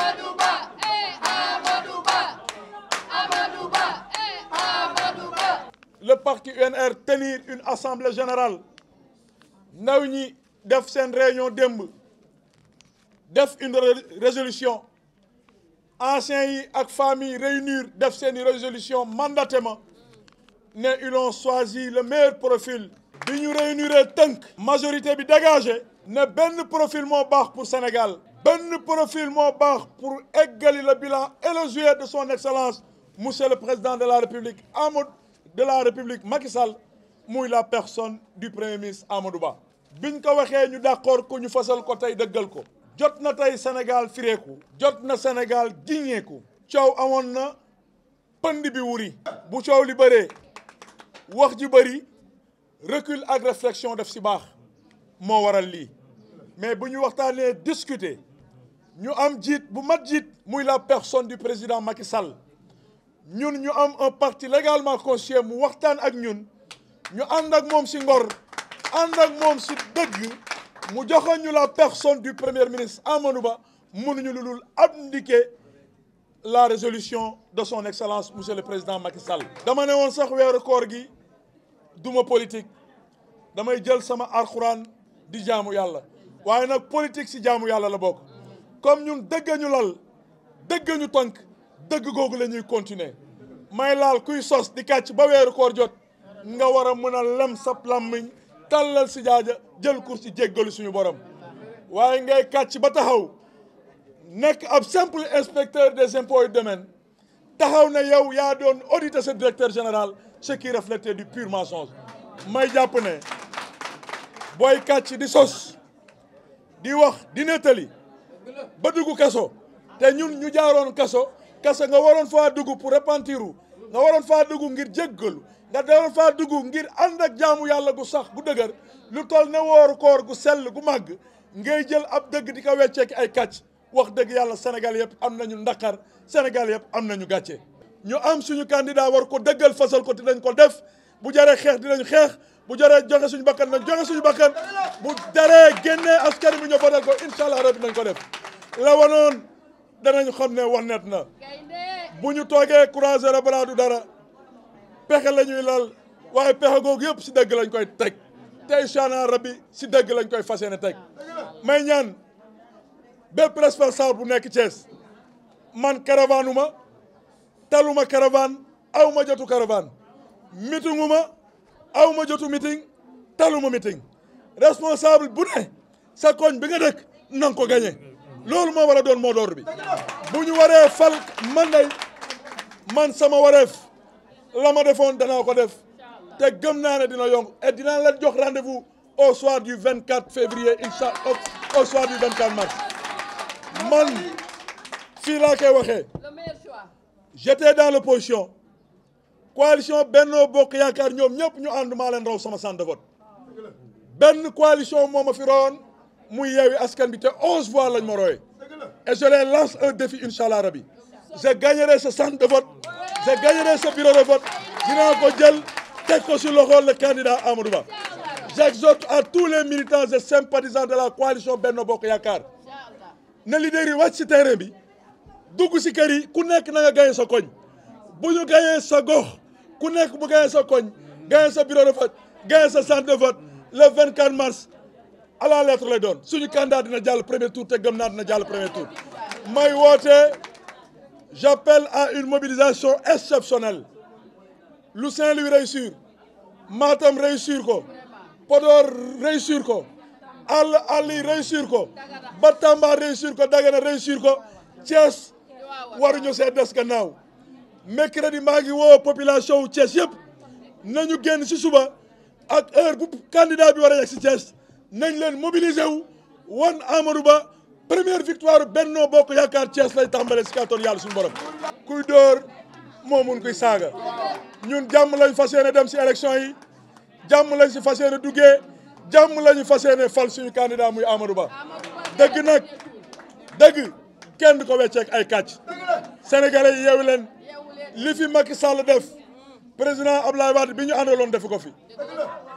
Eh, eh, le parti UNR tenir une assemblée générale ndaw ñi def seen réunion démb def une résolution anciens y ak famille réunir def seeni résolution mandaté ma ne ils ont choisi le meilleur profil bi ñu réunir tënk majorité bi dégagé ne benn profil moo baax pour Sénégal benn profil moo baax pour eggali le bilan élogieux de son excellence monsieur le président de la république Amadou de la république Macky Sall muy la personne du premier ministre Amadou Ba. bi biñ ko waxee ñu d'accord ko ñu fasal ko tey dëggal ko. jot na tey Sénégal fireeku. jot na Sénégal giññeeku. coow amoon na pënd bi wuri. bu coow li bëree wax ji bëri recul ak réflexion def si baax moo waral lii mais bu ñu waxtaanee discuter. ñu am jiit bu mat jiit muy la personne du président Macky Sall ñun ñu am un parti légalement constitué mu waxtaan ak ñun ñu ànd ak moom si ngor ànd ak moom si dëgg mu joxoon ñu la personne du premier ministre Amadou Ba ñu lu dul abdiquer la résolution de son excellence monsieur le président Macky Sall. dama ne woon sax weeru koor gi duma politique damay jël sama alxuraan di jaamu yàlla waaye nag politique si jaamu yàlla la bokk. comme ñun dëgg ñu lal dëgg ñu dëgg googu la ñuy continuer may laal kuy sos di kàcc ba weeru koor jot nga war a mën a lem sa làmmiñ tàllal si jaaja jël kur si jéggalu suñu borom waaye ngay kàcc ba taxaw nekk ab simple inspecteur des impôts et taxaw na yow yaa doon auditer sa directeur général ce qui reflétait di pur mensonge may jàpp ne booy kàcc di sos di wax di nettali ba dugg kaso te ñun ñu jaaroon kaso kaso nga waroon faa dugg pour repentiru nga waroon faa dugg ngir jéggalu nga waroon faa dugg ngir ànd ak jaamu yàlla gu sax gu dëgër lu toll ne wooru koor gu sell gu màgg ngay jël ab dëgg di ko wecceeki ay kàcc wax dëgg yàlla Sénégal yëpp am nañu ndaqar Sénégal yëpp am nañu gàcce ñu am suñu candidat war ko dëggal fasal ko dinañ ko def bu jaree xeex dinañ xeex bu jëree joxe suñ bakkan nag joxe suñu bakkan bu daree génnee askan bi ñu ko incha allah rabbi nañ ko def la wanoon danañ xam ne waneet na bu ñu toogee croiser la balaa dara pexe la ñuy lal waaye pexe googu yëpp si dëgg lañ koy teg te incha allah rabbi si dëgg lañ koy fas yéene teg may ñaan bépp responsable bu nekk Thiès man caravane uma taluma caravane awma jotu caravane mitinguma aw ma jotu meeting taluma meeting responsable bu ne sa koñ bi nga dëkk nang ko gagné loolu moo war a doon moo door bi bu ñu waree fal man day man sama wareef la ma defoon danaa ko def te gëm naa ne dina yong et dinaa la jox rendez-vous au soir du 24 février incha au soir du 24 mars man fii laa koy waxee j'étais dans l'opposition coalition Benno Bokk Yaakaar ñoom ñëpp ñu ànd maa leen sama centre de vote benn coalition moo a fi rawoon muy Yewwi Askan bi te onze voix lañ ma royee et je les lance un défi incha allah rabi je gagnerai ce centre de vote je gagnerai ce bureau de vote dinaa ko jël teg ko si loxo le candidat Amadou Ba j'exhorte à tous les militants et sympathisants de la coalition Benno Bokk Yaakaar ne li yi wàcc si terrain bi dugg si kër yi ku nekk na nga gañe sa koñ bu ñu gañee ku nekk bu gañee sa koñ gañee sa bureau de vote gañee sa centre de vote le mars à la lettre lay doon suñu candidat dina jàll premier tour te gëm naa dina jàll premier tour may woote j'appelle à une mobilisation exceptionnelle lu Saint-Louis réussir Matam réussir ko Podor réussir ko àll àll yi réussir ko Batamba réussir ko Dagana réussir ko Thiès waruñu see des gannaaw mercredi maa ngi woo population wu Thiès yëpp nañu génn si suba ak heure bu candidat bi war a yegg si Thiès nañ leen mobiliser wu wan Amadou Ba première victoire Benno Bokk Yaakaar Thiès lay tàmbale si kàttan yàlla suñu borom. kuy dóor moo mun kuy saaga ñun jàmm lañ fas yéene dem si élection yi jàmm lañ si fas yéene duggee jàmm lañu fas yéene fal suñu candidat muy Amadou Ba dëgg nag dëgg kenn du ko wecceek ay kàcc sénégalais yi yeewu li fi Macky Sall def président Abdoulaye Wade bi ñu àndaloon defu ko fi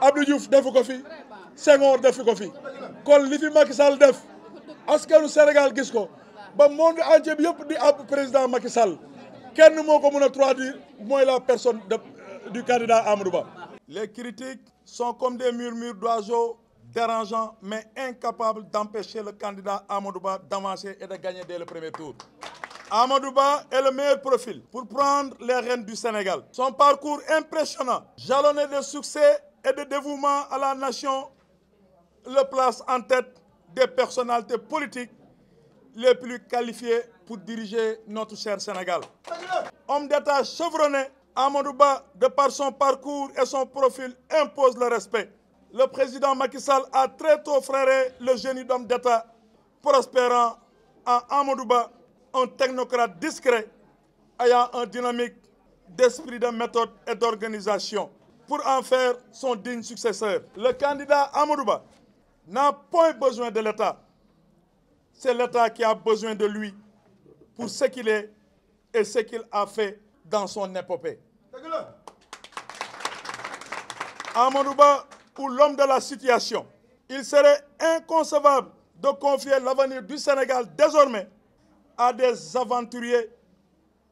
Abdou Diouf defu ko fi Senghor defu ko fi kon li fi Macky Sall def askanu Sénégal gis ko ba monde entier bi yëpp di ab président Macky Sall kenn moo ko mën a traduire mooy la personne de euh, du candidat Amadou Les critiques sont comme des murmures d'oiseaux dérangeants mais incapables d'empêcher le candidat Amadou Ba d'avancer et de gagner dès le premier tour. Amadou Ba est le meilleur profil pour prendre les rênes du Sénégal. Son parcours impressionnant, jalonné de succès et de dévouement à la nation, le place en tête des personnalités politiques les plus qualifiées pour diriger notre cher Sénégal. Homme d'État chevronné, Amadou de par son parcours et son profil, impose le respect. Le président Macky Sall a très tôt fréré le génie d'homme d'État prospérant en Amadou Ba un technocrate discret ayant un dynamique d'esprit de méthode et d'organisation pour en faire son digne successeur. Le candidat Amadouba n'a point besoin de l'État. C'est l'État qui a besoin de lui pour ce qu'il est et ce qu'il a fait dans son épopée. Amadouba, pour l'homme de la situation, il serait inconcevable de confier l'avenir du Sénégal désormais à des aventuriers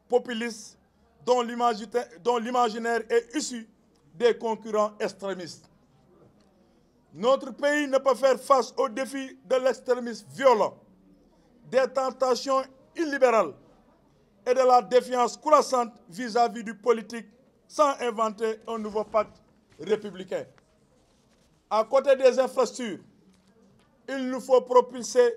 populistes dont l'imaginaire est issu des concurrents extrémistes. Notre pays ne peut faire face aux défis de l'extrémisme violent, des tentations illibérales et de la défiance croissante vis-à-vis -vis du politique sans inventer un nouveau pacte républicain. À côté des infrastructures, il nous faut propulser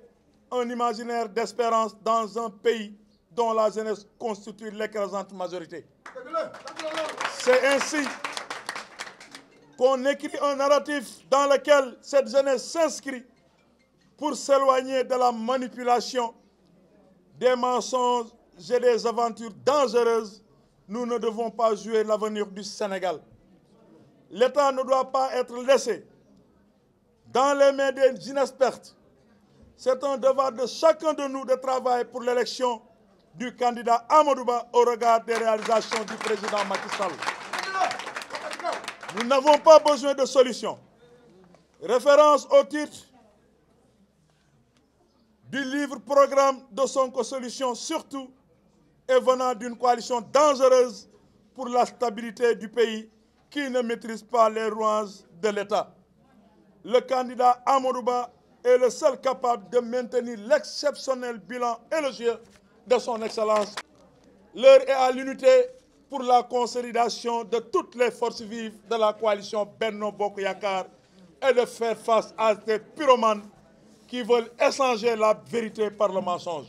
un imaginaire d'espérance dans un pays dont la jeunesse constitue l'écrasante majorité. C'est ainsi qu'on écrit un narratif dans lequel cette jeunesse s'inscrit pour s'éloigner de la manipulation, des mensonges et des aventures dangereuses. Nous ne devons pas jouer l'avenir du Sénégal. L'État ne doit pas être laissé dans les mains des inexpertes c'est un devoir de chacun de nous de travailler pour l'élection du candidat Amadouba au regard des réalisations du président Macky Nous n'avons pas besoin de solution. Référence au titre du livre programme de son Solution, surtout et venant d'une coalition dangereuse pour la stabilité du pays qui ne maîtrise pas les rouages de l'État. Le candidat Amadouba est le seul capable de maintenir l'exceptionnel bilan élogieux de son excellence. L'heure est à l'unité pour la consolidation de toutes les forces vives de la coalition Benno Bokk Yakaar et de faire face à des pyromanes qui veulent échanger la vérité par le mensonge.